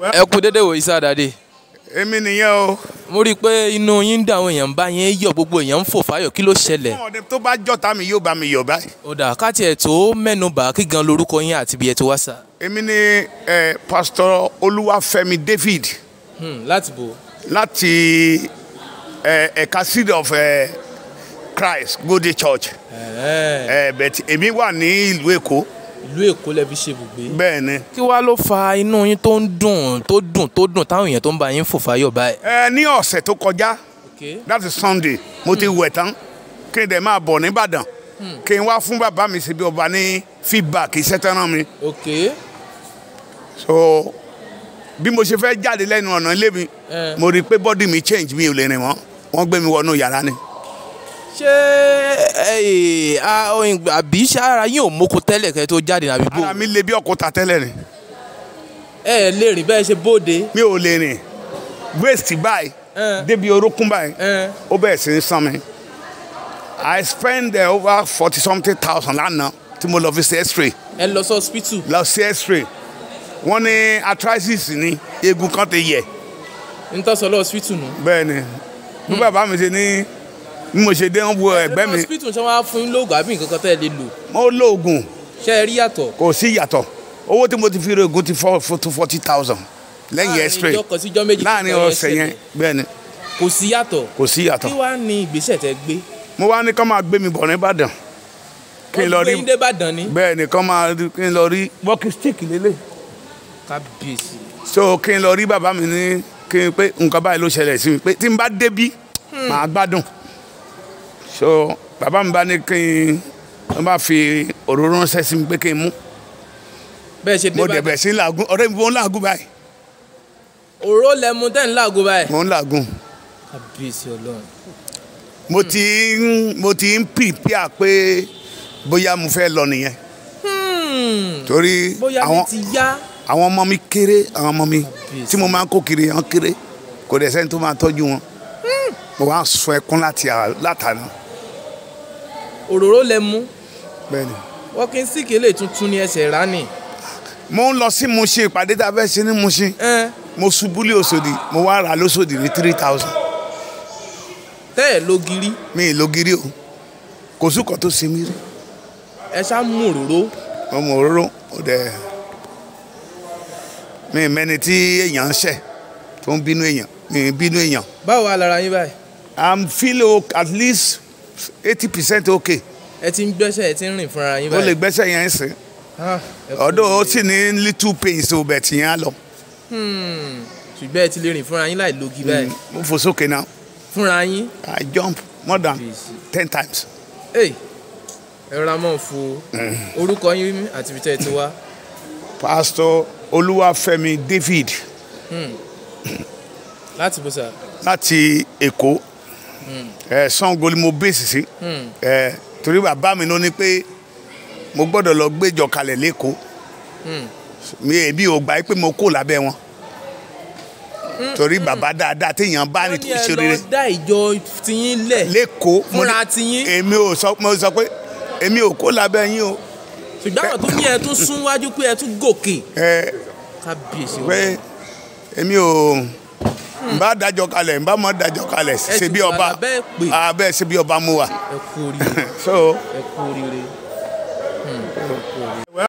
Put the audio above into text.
ẹ kú dédé wò Isa Dade. èmi nìyẹn o. mo rí i pé inú yín dùn àwọn èèyàn ń bá yín yọ̀ gbogbo èèyàn ń fò fáyọ̀ kí ló ṣẹlẹ̀. ọ̀dẹ tó bá jọ̀tá mi yóò bá mi yọ̀ báyìí. ó dà káàtì ẹ̀ tó mẹ́nu bà kí gan lorúkọ yín àti ibi ẹ̀ tó wá sà. èmi ni pásítọ̀ Olúwafẹ́mi David. Hmm, láti bo. láti ẹ̀ka seed of Christ Gode Church. bẹ̀ẹ̀ èmi wà ní ìlú Èkó ìlú èkó lẹ ṣe ibùgbé. bẹ́ẹ̀ni. kí wàá ló fa inú yín tó ń dùn tó dùn tó dùn táwọn èèyàn tó ń bá yín fò fáyọ̀ báyìí. ẹ ní ọ̀sẹ̀ tó kọjá that is Sunday mo ti hmm. wẹ̀ tán kí n dẹ̀ máa bọ̀ nìbàdàn hmm. kí n wá fún bàbá mi síbi ọba ní feedback iṣẹ́ tán rán mi. ok. so bí mo ṣe fẹ́ jáde lẹ́nu ọ̀nà ilé mi eh. mo rí i pé bọ́dì mi change mi ò lè rìn mọ́ wọ́n gbé mi wọnú yàrá ni. ṣé àbí sára yín ò moko tẹ́lẹ̀ kẹ́ tó jáde àbí bò. ara mi le bí ọkọta tẹ́lẹ̀ ni. ẹ ẹ lè rìn bẹ́ẹ̀ ṣe bóde. mi ò lè rìn waist báyìí débi orúnkún báyìí ó bẹ̀rẹ̀ sí ní sán mi. I spend uh, over forty something thousand lánàá tí mo lọ fi ṣe x-ray. ẹ lọ sí hospital. lọ sí x-ray wọ́n ní arthritis ní eegun kan ti yẹ̀. n tọ́sọ̀ lọ hospital nù. bẹ́ẹ̀ ni bí hmm. bàbá mi ṣe ní bí mo ṣe dé ń wo ẹ̀gbẹ́ mi. hospital ṣe wá fún yín lóògùn àbí nǹkan kan tẹ́ ẹ lè lò. mo lóògùn. ṣé ẹ rí yàtọ̀. kò sí yàtọ̀ owó tí mo ti fi rògùn ti fọ́ to forty thousand lẹ́yìn x-ray láàrin ọ̀sẹ̀ yẹn bẹ́ẹ̀ ni. kò sí yàtọ̀. kò sí yàtọ̀. kí wàá ní ìgbésẹ̀ tẹ́ gbé. mo wá ní kán máa gbé mi bọ̀ ní Ìbàdàn kí n lọ rí bẹ́ẹ̀ nìkan máa kí n lọ rí walking stick lélẹ̀. kábíyèsí. so kí n lọ rí bàbá mi ní kí n pé nǹkan báyìí ló ṣẹlẹ̀ sí mi so bàbá mi bá ní kí n wọ́n bá fi òróró ránṣẹ́ sí mi pé kí n mú mo dẹ̀bẹ̀ sí làágùn ọ̀rẹ́ mi mo ń làágùn báyìí. òró lẹ mu tẹ́ ń làágùn báyìí. mo ń làágùn. kábíyèsí ọlọ́run. mo ti ń mo ti ń pìpìà pé bóyá mo fẹ́ lọ nìyẹn. Hmm. torí àwọn àwọn ọmọ mi kéré àwọn ọmọ mi tí mo máa ń kó kiri àwọn kéré kò dẹ̀ sẹ́ni tó máa tọ́jú wọn hmm. mo wá sun ẹkún láti látàná òróró lẹ mú. bẹ́ẹ̀ni. walking stick lè tuntun ni ẹsẹ̀ rà ni. mo ń lọ sí Mushin ìpàdé tá a fẹ́ ṣe ní Mushin. mo ṣubú lé Òṣòdì mo wá rà lóṣòdì ní three thousand. tẹ́ ẹ̀ lo giri. mi ì lo giri o kò sùkọ́ tó ṣe mí rí. ẹ ṣá mú òróró. mo mú òróró ó dẹ̀ mi mẹ́ni tí èèyàn ń ṣẹ̀ tó ń bínú èèyàn mi bínú èèyàn. báwo alára yín báyìí. i'm feel okay at least eighty percent okay. ẹ ti ń gbẹ́sẹ̀ ẹ ti ń rìn fúnra yín báyìí. o lè gbẹ́sẹ̀ yẹn ń sìn. ọ̀dọ̀ ó sì ní little pains o bẹ̀ tì yẹn á lọ. Hmm, ṣùgbọ́n ẹ ti lè rìn fúnra yín láì lógi hmm, báyìí. mo fò sókè náà. fúnra yín. I jump more than ten times. ẹ rọra mọ́ fo hmm. orúkọ yín àti ibi tẹ́ ẹ ti wá. pásítọ̀ olúwàfẹ́mi david. láti bó láti èkó. Ṣàngó ni mo bèsì sí torí bàbá mi ló ní pé mo gbọ́dọ̀ lọ gbéjọ kalẹ̀ lẹ́kọ̀ọ́ mi èbí ò gbà pé mo kó lábẹ́ wọn torí bàbá dáadáa téèyàn bá ní tó ṣe rere. wọ́n ní ẹ lọ dá ìjọ tiyín lẹ̀ lẹ́kọ̀ọ́ fúnra tiyín. èmi ò sọ pé èmi ò kó lábẹ́ yín o. ṣùgbọ́n àwọn tó ní ẹ tún sún wájú pé ẹ tún gòkè. ẹ kábíyèsí pé èmi ò n bá dájọ́ kalẹ̀ n bá mọ dájọ́ kalẹ̀ ṣebí ọba abẹ ṣebí ọba mú wa. ẹ kú